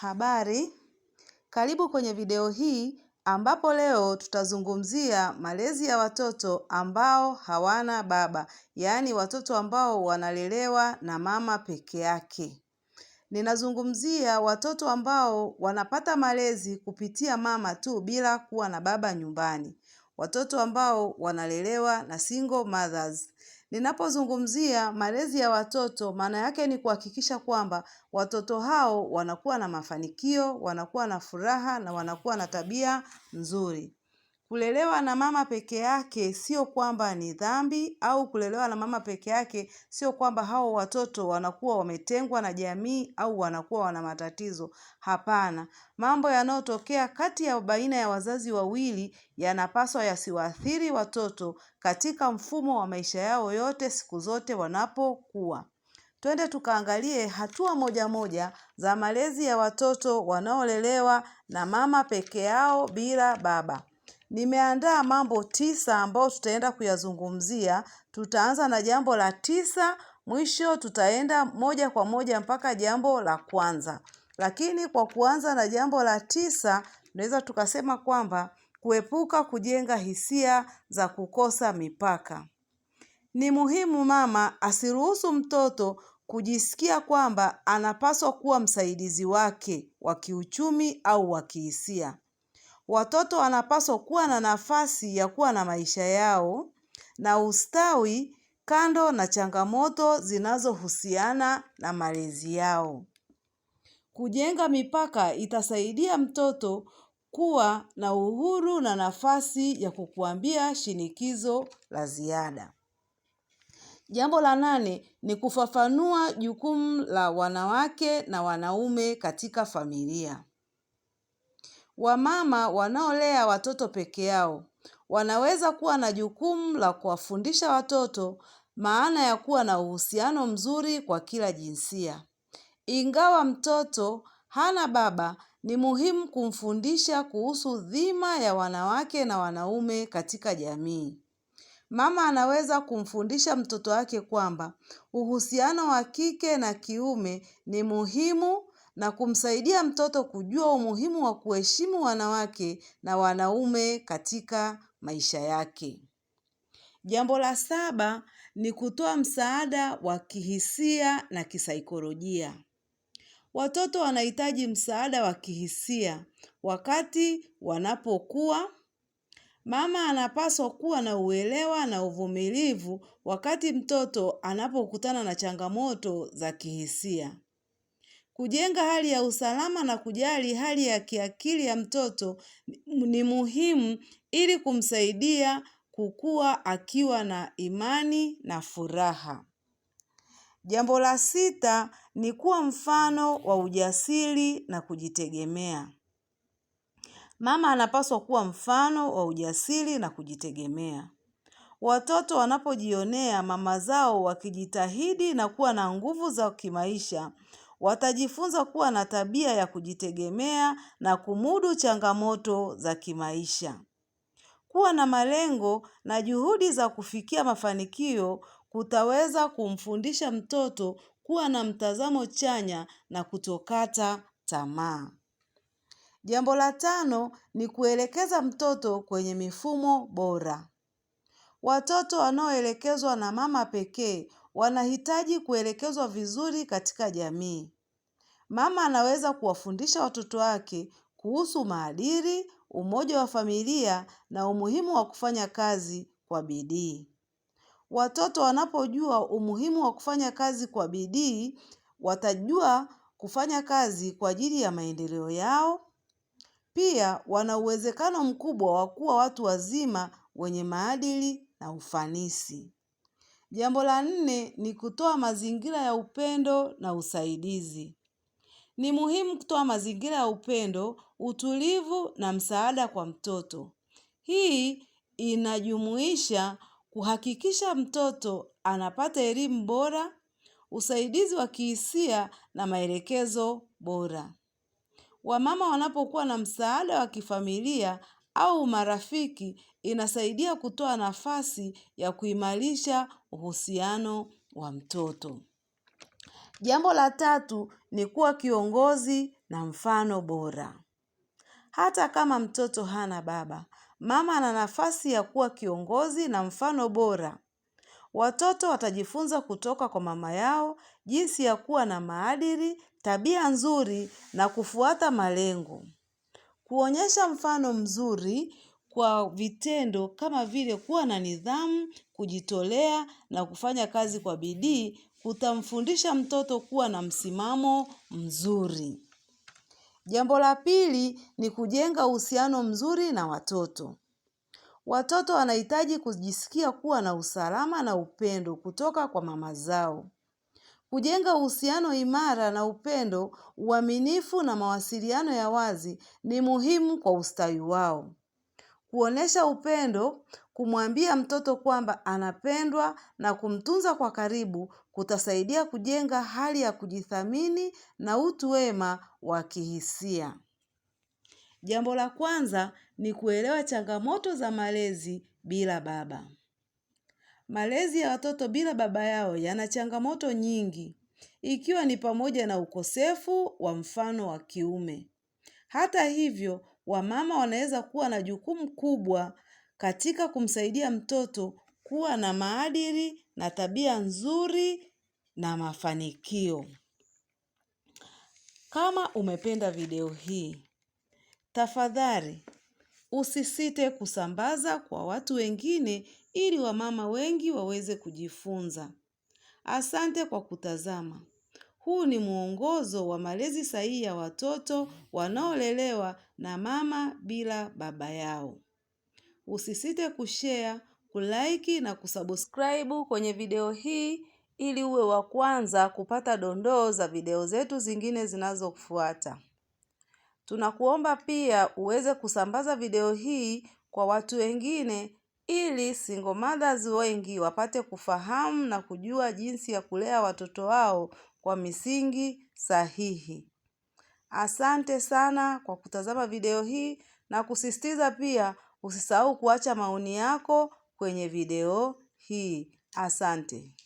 Habari, karibu kwenye video hii ambapo leo tutazungumzia malezi ya watoto ambao hawana baba, yaani watoto ambao wanalelewa na mama peke yake. Ninazungumzia watoto ambao wanapata malezi kupitia mama tu bila kuwa na baba nyumbani, watoto ambao wanalelewa na single mothers. Ninapozungumzia malezi ya watoto, maana yake ni kuhakikisha kwamba watoto hao wanakuwa na mafanikio, wanakuwa na furaha na wanakuwa na tabia nzuri. Kulelewa na mama peke yake sio kwamba ni dhambi au kulelewa na mama peke yake sio kwamba hao watoto wanakuwa wametengwa na jamii au wanakuwa wana matatizo. Hapana. Mambo yanayotokea kati ya baina ya wazazi wawili yanapaswa yasiwaathiri watoto katika mfumo wa maisha yao yote siku zote wanapokuwa. Twende tukaangalie hatua moja moja za malezi ya watoto wanaolelewa na mama peke yao bila baba. Nimeandaa mambo tisa ambayo tutaenda kuyazungumzia. Tutaanza na jambo la tisa, mwisho tutaenda moja kwa moja mpaka jambo la kwanza. Lakini kwa kuanza na jambo la tisa, tunaweza tukasema kwamba kuepuka kujenga hisia za kukosa mipaka. Ni muhimu mama asiruhusu mtoto kujisikia kwamba anapaswa kuwa msaidizi wake wa kiuchumi au wa kihisia. Watoto wanapaswa kuwa na nafasi ya kuwa na maisha yao na ustawi kando na changamoto zinazohusiana na malezi yao. Kujenga mipaka itasaidia mtoto kuwa na uhuru na nafasi ya kukuambia shinikizo la ziada. Jambo la nane ni kufafanua jukumu la wanawake na wanaume katika familia. Wamama wanaolea watoto peke yao wanaweza kuwa na jukumu la kuwafundisha watoto maana ya kuwa na uhusiano mzuri kwa kila jinsia. Ingawa mtoto hana baba, ni muhimu kumfundisha kuhusu dhima ya wanawake na wanaume katika jamii. Mama anaweza kumfundisha mtoto wake kwamba uhusiano wa kike na kiume ni muhimu na kumsaidia mtoto kujua umuhimu wa kuheshimu wanawake na wanaume katika maisha yake. Jambo la saba ni kutoa msaada wa kihisia na kisaikolojia. Watoto wanahitaji msaada wa kihisia wakati wanapokuwa. Mama anapaswa kuwa na uelewa na uvumilivu wakati mtoto anapokutana na changamoto za kihisia. Kujenga hali ya usalama na kujali hali ya kiakili ya mtoto ni muhimu ili kumsaidia kukua akiwa na imani na furaha. Jambo la sita ni kuwa mfano wa ujasiri na kujitegemea. Mama anapaswa kuwa mfano wa ujasiri na kujitegemea. Watoto wanapojionea mama zao wakijitahidi na kuwa na nguvu za kimaisha, watajifunza kuwa na tabia ya kujitegemea na kumudu changamoto za kimaisha. Kuwa na malengo na juhudi za kufikia mafanikio kutaweza kumfundisha mtoto kuwa na mtazamo chanya na kutokata tamaa. Jambo la tano ni kuelekeza mtoto kwenye mifumo bora. Watoto wanaoelekezwa na mama pekee wanahitaji kuelekezwa vizuri katika jamii. Mama anaweza kuwafundisha watoto wake kuhusu maadili, umoja wa familia na umuhimu wa kufanya kazi kwa bidii. Watoto wanapojua umuhimu wa kufanya kazi kwa bidii, watajua kufanya kazi kwa ajili ya maendeleo yao. Pia wana uwezekano mkubwa wa kuwa watu wazima wenye maadili na ufanisi. Jambo la nne ni kutoa mazingira ya upendo na usaidizi. Ni muhimu kutoa mazingira ya upendo, utulivu na msaada kwa mtoto. Hii inajumuisha kuhakikisha mtoto anapata elimu bora, usaidizi wa kihisia na maelekezo bora. Wamama wanapokuwa na msaada wa kifamilia au marafiki inasaidia kutoa nafasi ya kuimarisha uhusiano wa mtoto. Jambo la tatu ni kuwa kiongozi na mfano bora. Hata kama mtoto hana baba, mama ana nafasi ya kuwa kiongozi na mfano bora. Watoto watajifunza kutoka kwa mama yao jinsi ya kuwa na maadili, tabia nzuri na kufuata malengo kuonyesha mfano mzuri kwa vitendo kama vile kuwa na nidhamu, kujitolea na kufanya kazi kwa bidii kutamfundisha mtoto kuwa na msimamo mzuri. Jambo la pili ni kujenga uhusiano mzuri na watoto. Watoto wanahitaji kujisikia kuwa na usalama na upendo kutoka kwa mama zao. Kujenga uhusiano imara na upendo, uaminifu na mawasiliano ya wazi ni muhimu kwa ustawi wao. Kuonesha upendo, kumwambia mtoto kwamba anapendwa na kumtunza kwa karibu kutasaidia kujenga hali ya kujithamini na utu wema wa kihisia. Jambo la kwanza ni kuelewa changamoto za malezi bila baba. Malezi ya watoto bila baba yao yana changamoto nyingi, ikiwa ni pamoja na ukosefu wa mfano wa kiume. Hata hivyo, wamama wanaweza kuwa na jukumu kubwa katika kumsaidia mtoto kuwa na maadili na tabia nzuri na mafanikio. Kama umependa video hii, tafadhali Usisite kusambaza kwa watu wengine ili wamama wengi waweze kujifunza. Asante kwa kutazama. Huu ni mwongozo wa malezi sahihi ya watoto wanaolelewa na mama bila baba yao. Usisite kushare, kulaiki na kusubscribe kwenye video hii ili uwe wa kwanza kupata dondoo za video zetu zingine zinazofuata. Tunakuomba pia uweze kusambaza video hii kwa watu wengine ili single mothers wengi wapate kufahamu na kujua jinsi ya kulea watoto wao kwa misingi sahihi. Asante sana kwa kutazama video hii na kusisitiza pia usisahau kuacha maoni yako kwenye video hii. Asante.